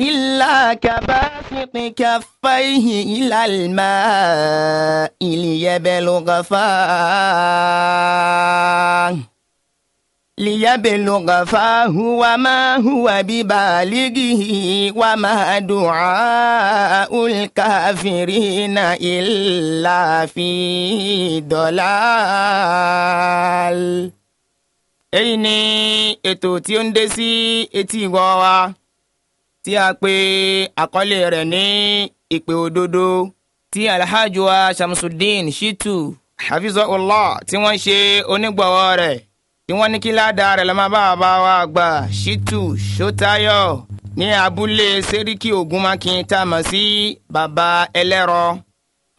إلا كباسط كفيه إلى الماء ليبلغ فاه ليبلغ فاه وما هو ببالغه وما دعاء الكافرين إلا في ضلال èyí ni ètò tí ó ń dé sí etí ìgbọ́ wa tí a pè àkọlé rẹ̀ ní ìpè òdodo tí alhaji wa shitu hafizahullah tí wọ́n ṣe onígbọ̀wọ́ rẹ̀ tí wọ́n ní kí ládàá rẹ̀ lọ́mọ bá bá wa gbà shitu sotayo ní abúlé seriki ogunmakin tá a mọ̀ sí baba ẹlẹ́rọ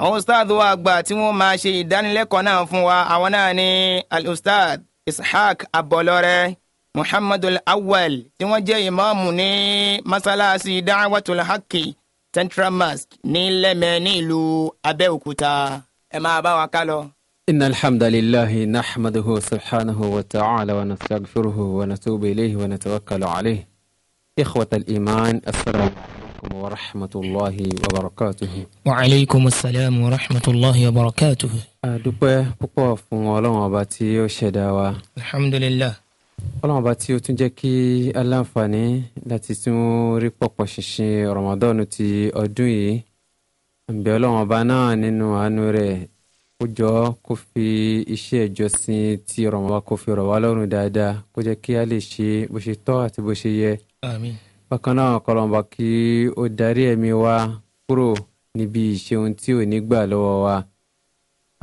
àwọn ustaad wa àgbà tí wọ́n máa ṣe ìdánilẹ́kọ̀ọ́ náà fún wa àwọn náà ní alustad ishaq abọlọrẹ muhammadul awwal tí wọ́n jẹ́ ìmáàmù ní masalasi da'watul haqqi central mosque ní lẹ́mẹ̀ ní ìlú abẹ́òkúta ẹ máa bá wa ká lọ. إن الحمد لله نحمده سبحانه وتعالى ونستغفره ونتوب إليه ونتوكل عليه إخوة الإيمان السلام عليكم ورحمة الله وبركاته وعليكم السلام ورحمة الله وبركاته أدوبة بقوة فنغولون وباتي الحمد لله ọlọ́run bá tí ó tún jẹ́ kí aláǹfààní láti tún rí pọ̀pọ̀ ṣinṣin rọ̀mọ́dọ́nù ti ọdún yìí ǹbẹ̀ ọlọ́run ọba náà nínú àánú rẹ̀ kó jọ kó fi iṣẹ́ ìjọsìn ti rọ̀mọ́dọ́nù kó fi rọ̀ wá lọ́rùn dáadáa kó jẹ́ kí a lè ṣe bó ṣe tọ́ àti bó ṣe yẹ. àmín. bákan náà kọlọ̀ǹba kí ó darí ẹ̀mí wa kúrò níbi ìṣeun tí ò ní gbà lọ́wọ́ wa.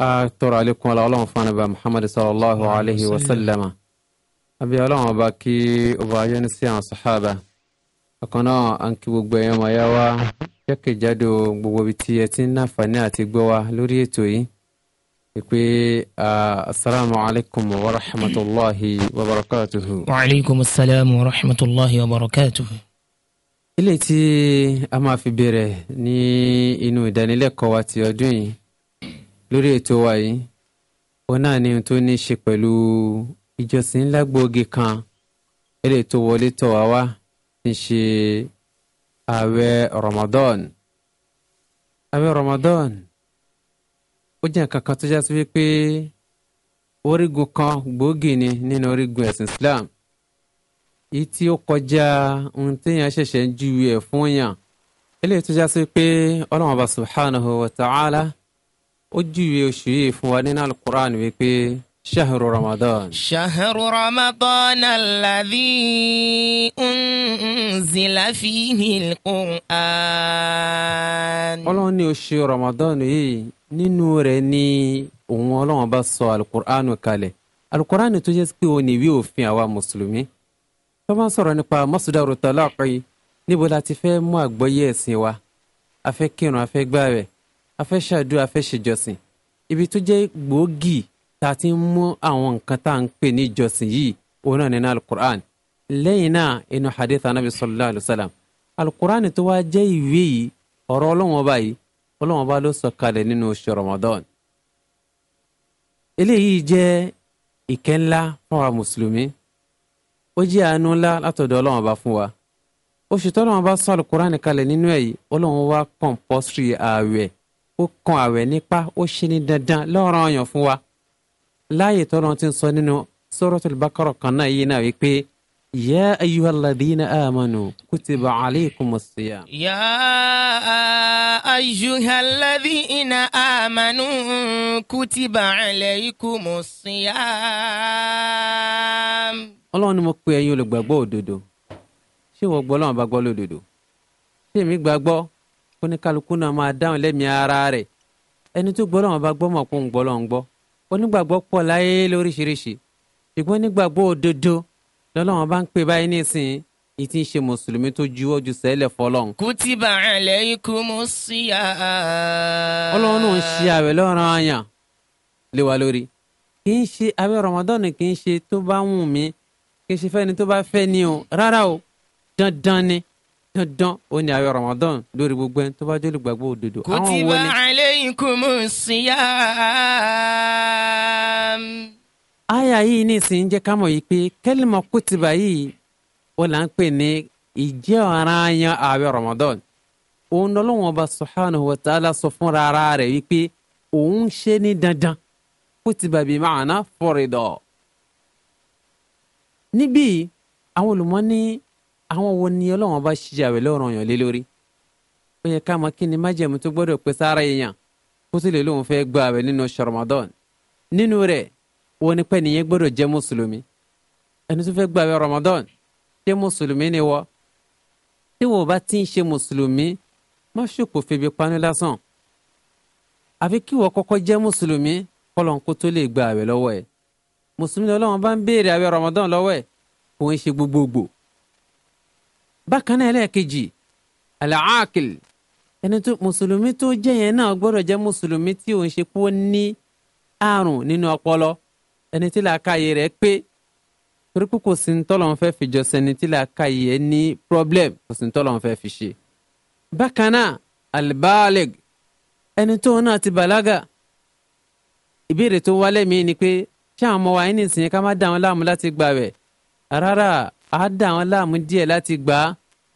a tọrọ àlékún ọlọ́run fún ànábì Muhammad sallallahu alayhi wa sallama àbí ọlọ́run ọba kí ọba ayọ́ni sí àwọn sàhábà ọ̀kan náà à ń kí gbogbo ẹ̀yàn ọmọ ẹ̀yà wa jákèjádò gbogbo ibi tí ẹ ti ń náfààní àti gbọ́ wa lórí ètò yìí pé asalaamu alaykum wa rahmatulahi wa barakatuhu. wa aleykum salaam wa rahmatulahi wa barakatuhu. ilé tí a máa fi bẹ̀rẹ̀ ní inú ìdánilẹ́kọ̀ọ́ wa ti ìjọsìn ńlá gbòógì kan eléyìí tó wọlé tọ̀ wá wá ń ṣe ààwẹ̀ Ramadan ààwẹ̀ Ramadan ó jẹ́ kankan tó jásí wípé orígun kan gbòógì ni nínú orígun ẹ̀sìn Islam èyí tí ó kọjá ohun téèyàn ṣẹ̀ṣẹ̀ ń júwe ẹ̀ fún yàn eléyìí tó jásí pé ọlọ́run ọba subhanahu wa ta'ala ó júwe oṣù yìí fún wa nínú alukur'an wípé. شهر رمضان شهر رمضان الذي أنزل فيه القرآن ọlọ́run ní oṣù ramadan yìí nínú rẹ̀ ni òun ọlọ́run bá sọ alukur'an kalẹ̀ alukur'an tó jẹ́ pé òun ìwé òfin àwa mùsùlùmí tó máa ń sọ̀rọ̀ nípa mọ́sùdárò tọ́láàpẹ́ níbo la ti fẹ́ mú àgbọ́yé ẹ̀sìn wa a fẹ́ kírun a fẹ́ gbààwẹ̀ a fẹ́ ṣàdúrà a fẹ́ ṣèjọsìn ibi tó jẹ́ gbòógì tá a ti ń mú àwọn nǹkan tá à ń pè ní ìjọsìn yìí òun náà nínú alukur'an lẹ́yìn náà inú hadith anabi sallallahu alayhi wa sallam alukur'an tó wá jẹ́ ìwé yìí ọ̀rọ̀ ọlọ́wọ́n bá yìí ọlọ́wọ́n bá ló sọ kalẹ̀ nínú oṣù ramadan eléyìí jẹ́ ìkẹ́ ńlá fún wa mùsùlùmí ó jẹ́ àánú ńlá látọ̀dọ̀ ọlọ́wọ́n bá fún wa oṣù tọ́lọ́wọ́n bá sọ alukur'an kalẹ̀ nínú ẹ̀ yìí ọlọ́wọ́n wá compulsory ààwẹ̀ ó kan ààwẹ̀ nípa ó ṣe ní dandan lọ́ranyàn fún wa láàyè tọ́nà ti sọ nínú suratul Baqara kan náà yìí náà wípé. يا أيها الذين آمنوا كتب عليكم الصيام يا أيها الذين آمنوا كتب عليكم الصيام ọlọ́run ni mo pe ẹ̀yin olùgbàgbọ́ òdodo ṣé ìwọ gbọ́ ọlọ́run bá gbọ́ lódodo ṣé èmi gbàgbọ́ kó ní kálukú náà máa dáhùn lẹ́mìí ara rẹ̀ ẹni tó gbọ́ ọlọ́run bá gbọ́ mọ̀ kó ń gbọ́ ọlọ́run gbọ́ onígbàgbọ́ pọ̀ láyé lóríṣiríṣi ṣùgbọ́n onígbàgbọ́ òdodo lọ́lọ́run bá ń pè báyìí nísìnyí ní ti ń ṣe mùsùlùmí tó juwọ́ ju sẹ́lẹ̀ fọlọ́n. kùtìbà alaykumus siyam. ọlọ́run náà ń ṣe àwẹ̀ lọ́rùn àyàn lé wa lórí. kì í ṣe àwẹ̀ rọmọdọ́nù kì í ṣe tó bá wù mí kì í ṣe fẹ́ni tó bá fẹ́ ni o rárá o dandan ni dandan o ní ayọ̀ Ramadan lórí gbogbo ẹni bá jẹ́ olùgbàgbọ́ òdodo. kutiba alaykumu siyam. aya yìí ní ìsìn jẹ́ ká mọ̀ yìí pé kẹ́lìmọ̀ kutiba yìí ó là ń pè ní ìjẹ́ ọ̀ràn yan ayọ̀ Ramadan. òun lọ́lọ́wọ́n bá subhanahu wa ta'ala sọ fúnra ara rẹ̀ wípé òun ṣe ní dandan kutiba bi ma'ana fọ̀rìdọ̀. níbí àwọn olùmọ́ ní àwọn wo ni ọlọ́wọ́n bá ṣiṣẹ́ àwẹ̀ lọ́rùn yàn lé lórí ó yẹ ká mọ kí ni májẹ̀mú tó gbọ́dọ̀ pé sára èèyàn kó sì lè lóun fẹ́ gba àwẹ̀ nínú Ramadan nínú rẹ̀ wọ́n ní pé nìyẹn gbọ́dọ̀ jẹ́ mùsùlùmí ẹni tó fẹ́ gba àwẹ̀ Ramadan ṣé mùsùlùmí ni wọ́ tí wọn bá ti ń ṣe mùsùlùmí má ṣòkò febi panu lásán àfi kí wọ́n kọ́kọ́ jẹ́ mùsùlùmí kọ́lọ̀ kó tó lè gba àwẹ̀ lọ́wọ́ ẹ̀ mùsùlùmí lọ́wọ́ bá ń béèrè àwẹ̀ Ramadan lọ́wọ́ ẹ̀ kò ń ṣe gbogbogbò bákan náà ẹlẹ́ẹ̀kejì alaakil ẹni tó mùsùlùmí tó jẹ́ yẹn náà gbọ́dọ̀ jẹ́ mùsùlùmí tí òun ṣe kó ní àrùn nínú ọpọlọ ẹni tí làákàyè rẹ̀ pé torí pé kò sí ntọ́lọ́n fẹ́ fi jọ́sẹ̀ ẹni tí làákàyè ẹ ní problem kò sí ntọ́lọ́n fẹ́ fi ṣe. bákan náà albalig ẹni tó náà ti bàlágà ìbéèrè tó wálẹ̀ mí ni pé ṣé àwọn ọmọ wa yín nìsín ká má dá wọn láàmú láti gbààwẹ̀ rárá A dà wọ́n láàmú díẹ̀ láti gbà á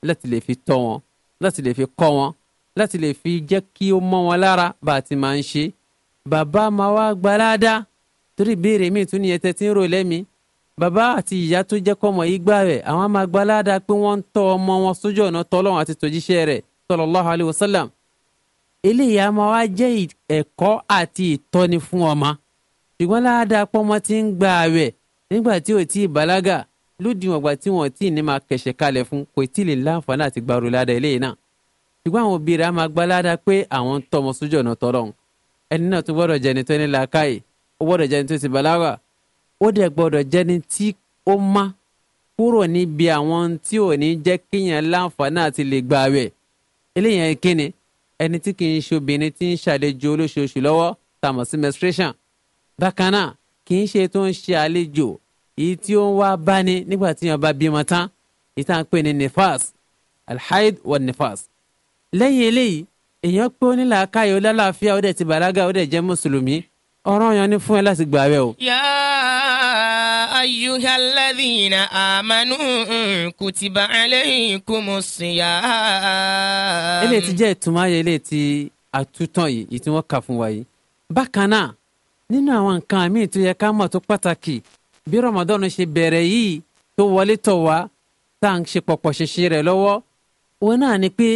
láti lè fi tọ́ wọn láti lè fi kọ́ wọn láti lè fi jẹ́ kí ó mọ́ wọn lára bá a ti máa ń ṣe. bàbá máa wá gbalada torí ìbéèrè mi tún ní ẹtẹ tí ń rò lẹ́mi bàbá àti ìyá tó jẹ́ kọ́mọ yìí gbà rẹ̀ àwọn máa gbalada pé wọ́n ń tọ́ ọmọ wọn sójú ọ̀nà tọ́lọ́run àti tòjíṣẹ́ rẹ̀ sallallahu alaihi wasallam eléyìí a máa wá jẹ́ ẹ̀kọ́ àti ìtọ́ni fún ọmọ ṣùgbọ́n láàdá pọ́nmọ́ ti ń gba àwẹ̀ nígbà tí ò tí ì bàlágà lódiwọ̀n ìgbà tí wọ́n tí ì ní máa kẹ̀ṣẹ̀ kalẹ̀ fún kò tí ì lè láǹfààní àti gbàrú ládàá eléyìí náà ṣùgbọ́n àwọn òbí rẹ̀ á máa gbá ládàá pé àwọn ń tọmọ sójú ọ̀nà tọlọ́run ẹni náà tún gbọ́dọ̀ jẹni tó ní làákàyè ó gbọ́dọ̀ jẹni tó ti bàlágà ó dẹ̀ gbọ́dọ̀ jẹni tí ó má kúrò níbi àwọn tí ò ní jẹ́ kíyàn láǹfààní àti lè gba rẹ̀ eléyìí kíni ẹni tí kì í ṣe obìnrin tí ń ṣàlejò olóṣooṣù lọ́wọ́ tàmọ̀ sí menstruation bákan náà kì í ṣe tó ń ṣe àlejò èyí tí ó ń wá báni nígbà tí yàn bá bímọ tán èyí ń pè ní nifas alhaid wa nefas lẹ́yìn eléyìí èèyàn pé ó ní làákàyè ó lálàáfíà ó dẹ̀ ti bàlágà ó dẹ̀ jẹ́ mùsùlùmí ọ̀rọ̀ yẹn ni fún ẹ láti gbààwẹ̀ o. yá ayyuhal ladhina amanu kutiba alaykumus siyam. eléyìí ti jẹ́ ìtumọ̀ ayé eléyìí ti àtúntàn yìí ìtumọ̀ kà fún wa yìí. bákan náà nínú àwọn nǹkan míì tó yẹ ká mọ̀ tó pàtàkì bí Ramadan ṣe bẹ̀rẹ̀ yìí tó wọlé tọ̀ wá tá à ń ṣe pọ̀pọ̀ ṣèṣe rẹ̀ lọ́wọ́ òun náà ni pé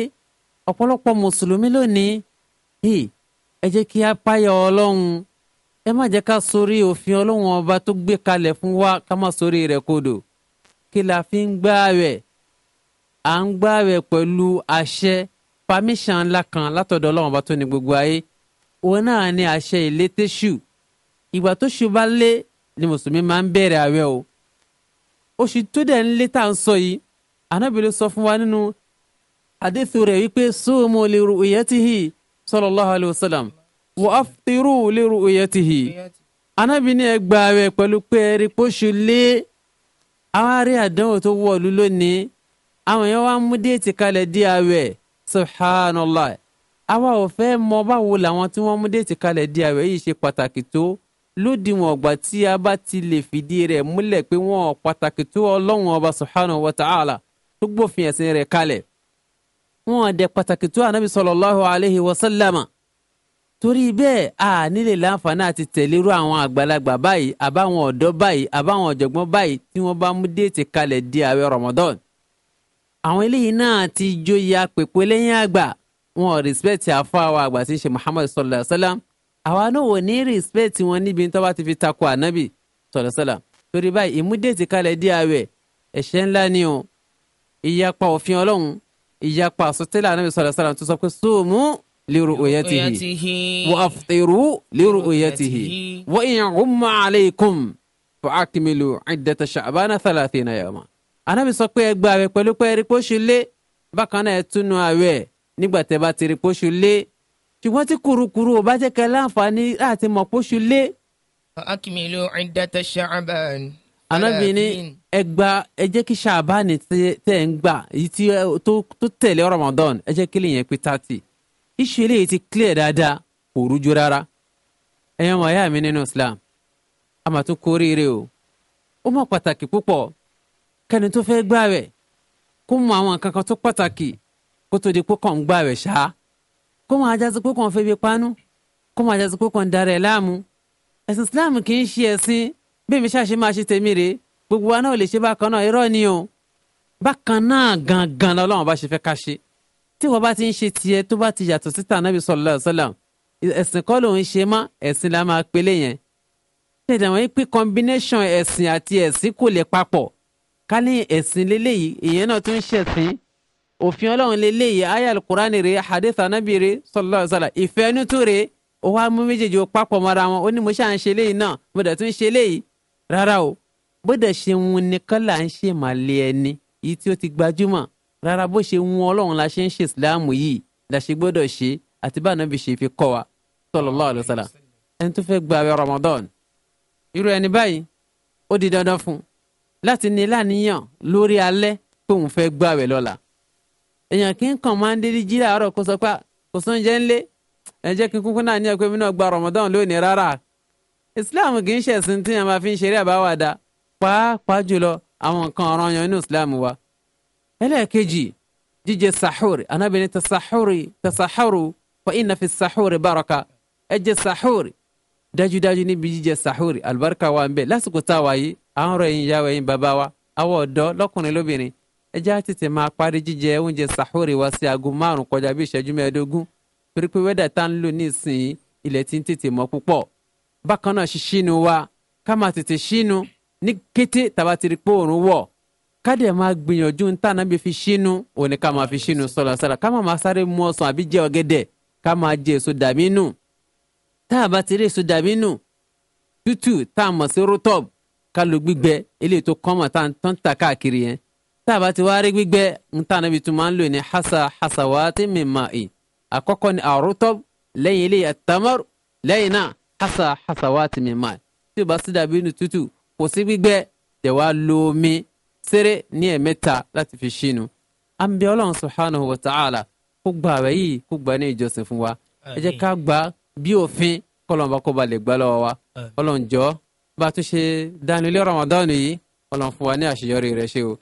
ọ̀pọ̀lọpọ̀ mùsùlùmí lónìí ẹ jẹ́ kí a páyà ọlọ́run ẹ má jẹ́ ká sórí òfin ọlọ́run ọba tó gbé kalẹ̀ fún wa ká má sórí rẹ̀ kodò kí la fi ń gbààwẹ̀ à ń gbààwẹ̀ pẹ̀lú àṣẹ pàmíṣàn ńlá kan látọ̀dọ̀ ọlọ́run ọba tó ní gbogbo ayé òun náà ni àṣẹ ìlétẹ́sù ìgbà tó ṣù lé ni mùsùlùmí máa ń bẹ̀rẹ̀ àwẹ̀ o oṣù tó dẹ̀ ń lé tá à ń sọ yìí anábìlẹ̀ sọ fún wa nínú hadithu rẹ̀ wípé sumu li ru'yatihi sallallahu alayhi wa sallam wa aftiru li ru'yatihi anábìlẹ̀ ẹ àwẹ̀ pẹ̀lú pé ẹ rí lé àwọn arí àdánwò tó wọ̀lú lónìí àwọn yẹn wá mú déètì kalẹ̀ di àwẹ̀ subhanallah àwa ò fẹ́ mọ báwo làwọn tí wọ́n mú déètì kalẹ̀ di àwẹ̀ yìí ṣe pàtàkì tó lódiwọ̀n ọ̀gbà tí a bá ti lè fìdí rẹ̀ múlẹ̀ pé wọ́n pàtàkì tó ọlọ́run ọba subhanahu wa ta'ala tó gbófin ẹ̀sìn rẹ̀ kalẹ̀ wọ́n dẹ̀ pàtàkì tó ànábì sallallahu alayhi wa sallama torí bẹ́ẹ̀ a nílè láǹfààní àti tẹ̀lérú àwọn àgbàlagbà báyìí àbáwọn ọ̀dọ́ báyìí àbáwọn ọ̀jọ̀gbọ́n báyìí tí wọ́n bá mú déètì kalẹ̀ di àwẹ̀ Ramadan àwọn eléyìí náà ti jóye apèpè lẹ́yìn àgbà wọn ò àfọ àwọn àgbà tí ń ṣe Muhammad sallallahu alayhi wa sallam àwa náà ò ní respect wọn níbi tó bá ti fi takò ànábì sọ̀rọ̀sọ̀rọ̀ torí báyìí ìmúdètì kalẹ̀ dí ààwẹ̀ ẹ̀ṣẹ̀ ńlá ni o ìyapa òfin ọlọ́run ìyapa àsọtẹ́lẹ̀ ànábì sọ̀rọ̀sọ̀rọ̀ tó sọ pé sóòmù lérò òyẹ́tìhì wọ́n àfẹ́rù lérò òyẹ́tìhì wọ́n ìyàgùnmá aleikum fàákìmìlù ìdẹ́tẹ̀ ṣàbánà thalathina yawma. ànábì sọ pé ẹgbẹ́ ṣùgbọ́n tí kurukuru ò bá jẹ́ kẹ́ láǹfààní láti mọ̀ pósù lé. akimilu iddata sha'ban. anábìnrin ẹ gba ẹ jẹ́ kí ṣàbáni tẹ́ ń gbà èyí tó tẹ̀lé Ramadan ẹ jẹ́ kí lè yẹn pé tààtì iṣu eléyìí ti clear dáadáa kò rújú rárá ẹ̀yàn wọn ayá mi nínú Islam a máa tún kórìíre o ó mọ̀ pàtàkì púpọ̀ kẹ́ni tó fẹ́ gbààwẹ̀ kó mọ àwọn kankan tó pàtàkì kó tó di pé kàn ń gbààwẹ̀ ṣáá kó máa jásí pé kàn febi panú kó máa jásí pé kàn darẹ̀ láàmú ẹ̀sìn Islam kì í ṣe ẹ̀sìn bí èmi ṣàṣe máa ṣe tèmi rèé gbogbo wa náà lè ṣe bákan náà irọ́ ni o bákan náà gangan lọ́lọ́run bá ṣe fẹ́ ká ṣe tí wọ́n bá ti ń ṣe tiẹ̀ tó bá ti yàtọ̀ síta anábì sallallahu alaihi ẹ̀sìn kọ́ lòun ṣe mọ́ ẹ̀sìn la máa pélé yẹn ṣèdè wọ́n pé combination ẹ̀sìn àti ẹ̀sìn kò lè papọ̀ ká ní ẹ̀sìn lélẹ́yìí ìyẹn náà tún ṣẹ̀sìn òfin ọlọ́run leléyìí ayal quran rè hadith anabi rè sallallahu alaihi wasallam ìfẹ́ nítú rè ó wá mú méjèèjì ó papọ̀ mọ́ra wọn ó ní mo ṣáà ń ṣe léyìí náà mo dẹ̀ tún ṣe léyìí rárá o bó dẹ̀ ṣe ń ni kọ́là ń ṣe màlẹ́ ẹni yìí tí ó ti gbajúmọ̀ rárá bó ṣe ń ọlọ́run la ṣe ń ṣe ìsìláàmù yìí la gbọ́dọ̀ ṣe àti bá anabi ṣe fi kọ́ wa sallallahu alaihi èèyàn kì í kàn máa ń dédí jí láàárọ̀ kó sọ pé kò sún jẹ́ ńlé ẹ jẹ́ kí kúkú náà ní ẹ̀kọ́ mi náà gba Ramadan lónìí rárá Islam kì í ṣẹ̀sìn tí a máa fi ń ṣeré àbáwàdà pàápàá jùlọ àwọn nǹkan ọ̀ràn yan inú Islam wa. ẹlẹ́ẹ̀kejì jíjẹ sahuri anábìíní tasahuri tasaharu fa inna fi sahuri baraka ẹ jẹ sahuri dájúdájú níbi jíjẹ sahuri alibarika wa ń bẹ lásìkò táwa yìí àwọn ọ̀rọ̀ yìí ń yá wẹ̀yìn bàbá àwọn ọ̀dọ́ lọ́kùnrin lóbìnrin ẹ jẹ́ á tètè máa parí jíjẹ oúnjẹ sàhóòrè wa sí aago márùn-ún kọjá bí ìṣẹ́jú mẹ́ẹ̀ẹ́dógún torí pé wẹ́dà tá ń lò nísìnyí ilẹ̀ ti ń tètè mọ́ púpọ̀ bákan náà ṣíṣínu wa ká máa tètè ṣínu ní kété tàbá ti rí pé òòrùn wọ̀ ká dẹ̀ máa gbìyànjú ń tànà bí fi ṣínu òní ká máa fi ṣínu sọ̀làsọ̀là ká máa sáré mú ọsàn àbí jẹ ọ̀gẹ̀dẹ̀ ká máa jẹ èso dàbínù tá a bá ti rí èso dàbínù tútù tá a mọ̀ sí rótọ́b ká lo gbígbẹ eléyìí tó kọ́mọ̀ tá a tán ta káàkiri yẹn tá a bá ti wá rí gbígbẹ́ níta níbi tó máa ń lò ní hasa hasawati mímà ì àkọ́kọ́ ni àrùtọ́ lẹ́yìn ilé àtàmọ́rù lẹ́yìn náà hasa hasawati mímà ì tí o bá sí dàbí inú tútù kò sí gbígbẹ́ tẹ̀ wá lo omi sẹ́rẹ́ ní ẹ̀mẹ́ta láti fi ṣínu. à ń bẹ ọlọ́run subhanahu wa ta'ala kó gba àwẹ̀ yìí kó gba ní ìjọsìn fún wa ẹ jẹ́ ká gba bí òfin kọlọ́nba kó ba lè gbá lọ́wọ́ wa ọlọ́run jọ bá a tún ṣe dánilé Ramadan yìí ọlọ́run fún wa ní àṣeyọrí rẹ̀ ṣe o.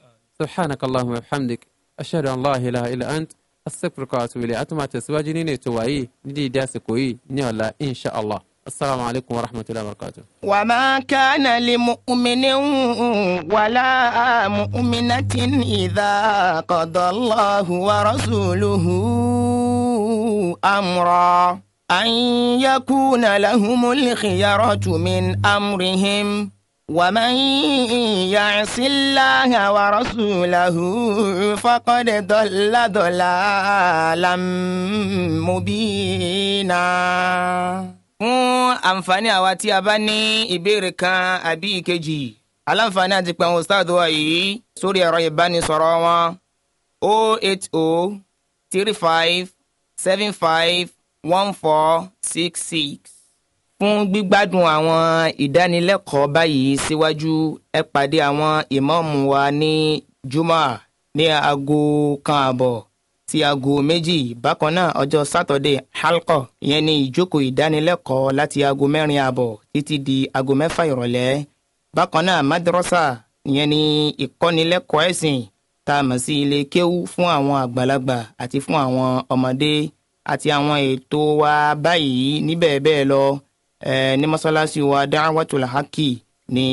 سبحانك اللهم وبحمدك أشهد أن لا إله إلا أنت أستغفرك وأتوب إليك أتوما تسواجي نيني ندي داسكوي نيولا إن شاء الله السلام عليكم ورحمة الله وبركاته وما كان لمؤمن ولا مؤمنة إذا قضى الله ورسوله أمرا أن يكون لهم الخيرة من أمرهم ومن يعص الله ورسوله فقد ضل ضلالا مبينا. fún àǹfààní àwa tí a bá ní ìbéèrè kan àbí ìkejì aláǹfààní àti pẹ̀lú ustaad wa yìí sórí ẹ̀rọ ìbánisọ̀rọ̀ wọn o oh eight o oh three fún gbígbádùn àwọn ìdánilẹ́kọ̀ọ́ báyìí síwájú ẹ pàdé àwọn ìmáàmù wa ní juma ní aago kan àbọ̀ sí aago méjì bákan náà ọjọ́ sátọ̀dé halkọ ìyẹn ni ìjókòó ìdánilẹ́kọ̀ọ́ láti aago mẹ́rin àbọ̀ títí di aago mẹ́fà ìrọ̀lẹ́ bákan náà madrasa ìyẹn ni ìkọ́nilẹ́kọ̀ọ́ ẹ̀sìn tá a mọ̀ sí ilé kéwú fún àwọn àgbàlagbà àti fún àwọn ọmọdé àti àwọn ètò wa báyìí níbẹ̀ bẹ́ẹ̀ lọ ní masalasi wa Da'watul Haqi ní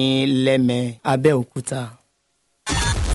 lẹ́mẹ̀ẹ́ Abẹ́òkúta.